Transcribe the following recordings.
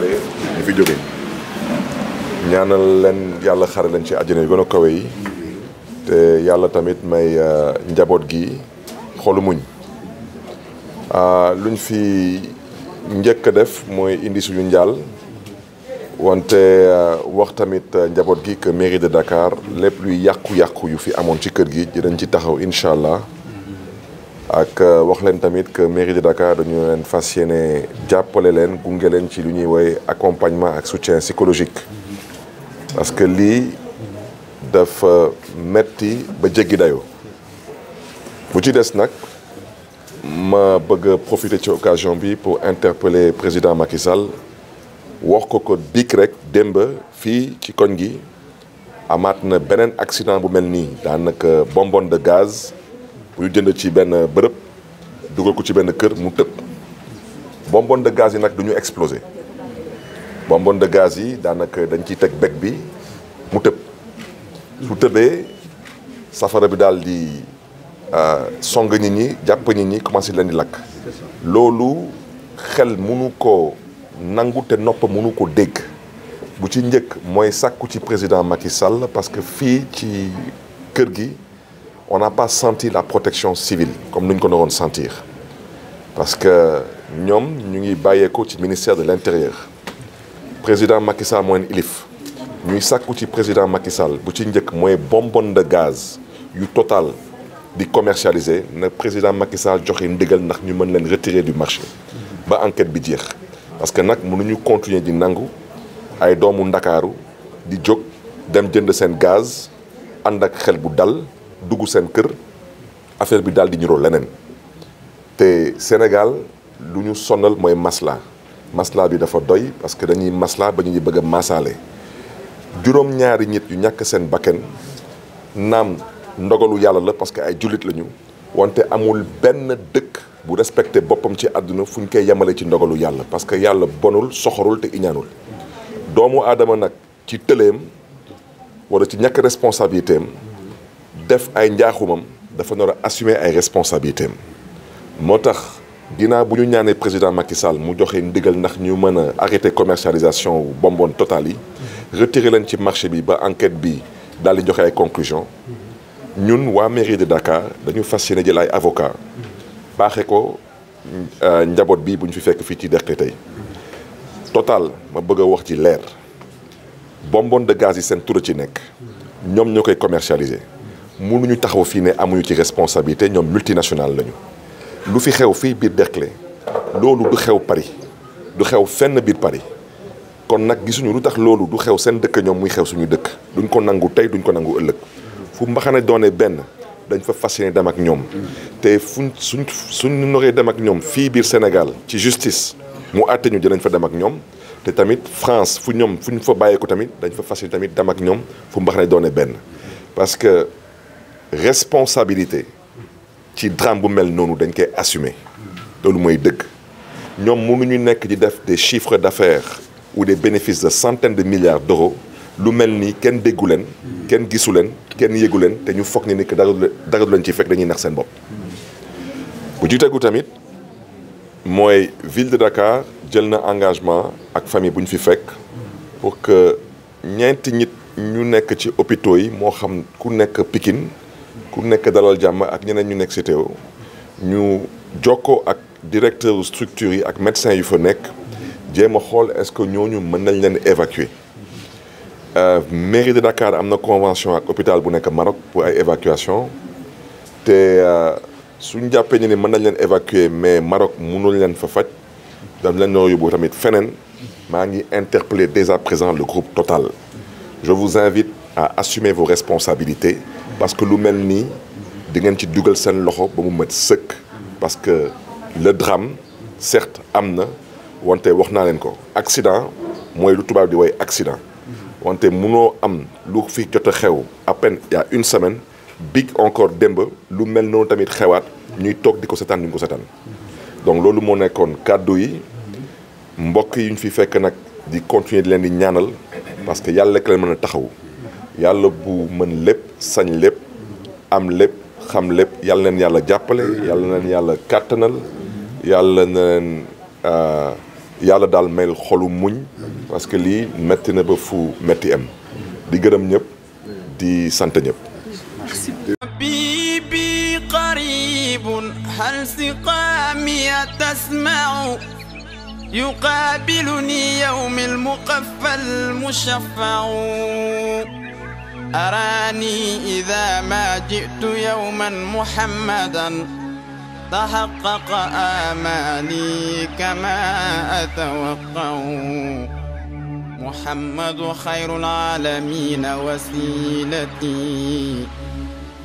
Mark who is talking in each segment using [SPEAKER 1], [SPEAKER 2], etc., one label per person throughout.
[SPEAKER 1] jaale ñu leen yàlla xare lañ ci àjjana yu gën a kawe yi te yàlla tamit may euh, njaboot gi xolu muñ euh, luñ fi njëkk a def mooy indi suñu njaal wante euh, wax tamit njaboot gi que mairie de Dakar lépp luy yàqu-yàqu yu fi amoon ci kër gi dinañ ci taxaw incha allah ak euh, wax leen tamit que mairie de Dakar dañu leen fas yéene jàppale leen gunge leen ci lu ñuy woy accompagnement ak soutien psychologique parce que lii dafa metti ba jéggi dayo bu ci des nag ma bëgg a ci occasion bi pour interpeller président Macky Sall wax ko ko dikk rek démb fii ci koñ gi amaat na beneen accident bu mel nii daanaka bonbonne de gaz bu ñu jënd ci benn bërëb dugal ko ci benn kër mu tëb bonbonne de gaz yi nag du ñu explosé bonbonne de gaz yi daanaka dañ ciy teg bec bi mu tëb su tëbee safara bi daal di euh, song nit ñi jàpp nit ñi commencé leen di lakk loolu xel mënu ko nangu te nopp mënu ko dégg bu ci njëkk mooy sàkku ci président Macky Sall parce que fii ci kër gi on n'a pas senti la protection civile comme ni ñu ko doon sentir parce que ñoom ñu ngi bàyyeekoo ci ministère de l'intérieur président Macky Sall mooy ilif ñuy sàkku ci président Macky Sall bu ci njëkk mooy bonbonne de gaz yu total di commercialiser na président Macky Sall joxe ndigal ndax ñu mën leen retirer du marché ba enquête bi jeex parce que nag mënuñu continuer di nangu ay doomu ndakaaru di jóg dem jënd seen gaz ànd ak xel bu dal dugg seen kër affaire bi daal di ñuroo leneen te Sénégal lu ñu sonal mooy masla masla bi dafa doy parce que dañuy masla ba ñuy bëgg a maasaale juróom-ñaari nit yu ñàkk seen bakken naam ndogalu yàlla la parce que ay jullit lañu wante amul benn dëkk bu respecté boppam ci àdduna fu ñu koy yemale ci ndogalu yàlla parce que yàlla bonul soxorul te iñaanul doomu aadama nag ci tëleem wala ci ñàkk responsabilité def ay njaaxumam dafa nar a assumer ay responsabilités moo tax ginnaaw bu ñu ñaanee président Macky Sall mu joxe ndigal ndax ñu mën a arrêter commercialisation bonbonne Total yi retirer leen ci marché bi ba enquête bi daal di joxe ay conclusions ñun waa mairie de Dakar dañu fas yéene jël ay avocat baaxe ko euh, njaboot bi bu fi fekk fii ci deqi tey Total ma bëgg a wax ci leer bonbonne de gaz yi seen tur ci nekk ñoom ñoo koy commercialiser. ñu taxaw fii ne amuñu ci responsabilité ñoom multinationale lañu lu fi xew fii biir Derklé loolu du xew Paris du xew fenn biir Paris kon nag gisuñu lu tax loolu du xew seen dëkk ñoom muy xew suñu dëkk duñ ko nangu tey duñ ko nangu ëllëg fu mbaxane doone benn dañ fa fas yéene dem ak ñoom te fuñ suñ suñ dem ak ñoom fii biir Sénégal ci justice mu àtte ñu dinañ fa dem ak ñoom te tamit France fu ñoom fu ñu fa bàyyeeku tamit dañ fa fas tamit dem ak ñoom fu mbaxane doone benn parce que responsabilité ci drame bu mel noonu dañ koy assumer loolu mooy dëgg ñoom ñu nekk di def des chiffres d'affaires ou des bénéfices de centaines de milliards d'euros lu mel ni kenn déggu leen kenn gisu leen kenn yëgu leen te ñu foog ni ni que dara dara du leen ci fekk dañuy nax seen bopp bu ci tegu tamit mooy ville de Dakar jël na engagement ak famille bu ñu fi fekk pour que ñeenti nit ñu nekk ci hôpitaux yi moo xam ku nekk Pikine ku nekk dalal jàmm ak ñeneen ñu nekk si teew ñu jokkoo ak directeur structure yi ak médecin yu fa nekk jéem a xool est-ce que ñooñu mën nañ leen évacuer euh, mairie de Dakar am na convention ak bu nekk Maroc pour ay évacuation te euh, suñ jàppee ñu ne mën nañ leen évacuer mais Maroc mënul leen fa faj daf leen noo yóbbu tamit feneen maa ngi interpeller des à présent le groupe Total je vous invite à assumer vos responsabilités parce que lu mel nii di ngeen ci dugal seen loxo ba mu mat sëkk parce que le drame certes am na wante wax naa leen ko accident mooy lu tubaab di way accident wante munoo am lu fi jot a xew à peine une semaine big encore démb lu mel noonu tamit xewaat ñuy toog di ko setaan di ko setaan donc loolu moo nekkoon kàddu yi mbokk yi ñu fi fekk nag di continuer di leen di ñaanal parce que yàlla rek leen mën a taxaw yàlla bu mën lépp sañ lépp am lépp xam lépp yàlla leen yàlla jàppale yàlla leen yàlla kàttanal yàlla na euh, yàlla daal mel xolu muñ parce que lii metti na ba fu metti am di gërëm ñëpp di sant ñëpp
[SPEAKER 2] حبيبي قريب هل سقامي تسمع يقابلني يوم المقفى المشفع أراني إذا ما جئت يوما محمدا تحقق آماني كما أتوقع محمد خير العالمين وسيلتي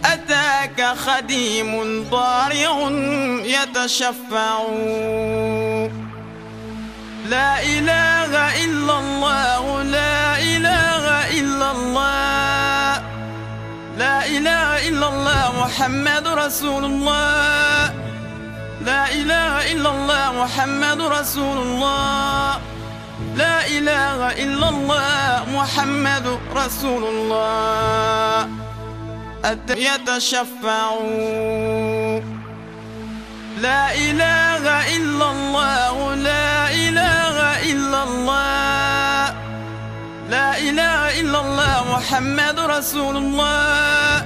[SPEAKER 2] أتاك خديم ضارع يتشفع لا إله إلا الله لا الله محمد رسول الله لا إله إلا الله محمد رسول الله لا إله إلا الله محمد رسول الله يتشفع لا إله إلا الله لا إله إلا الله لا إله إلا الله محمد رسول الله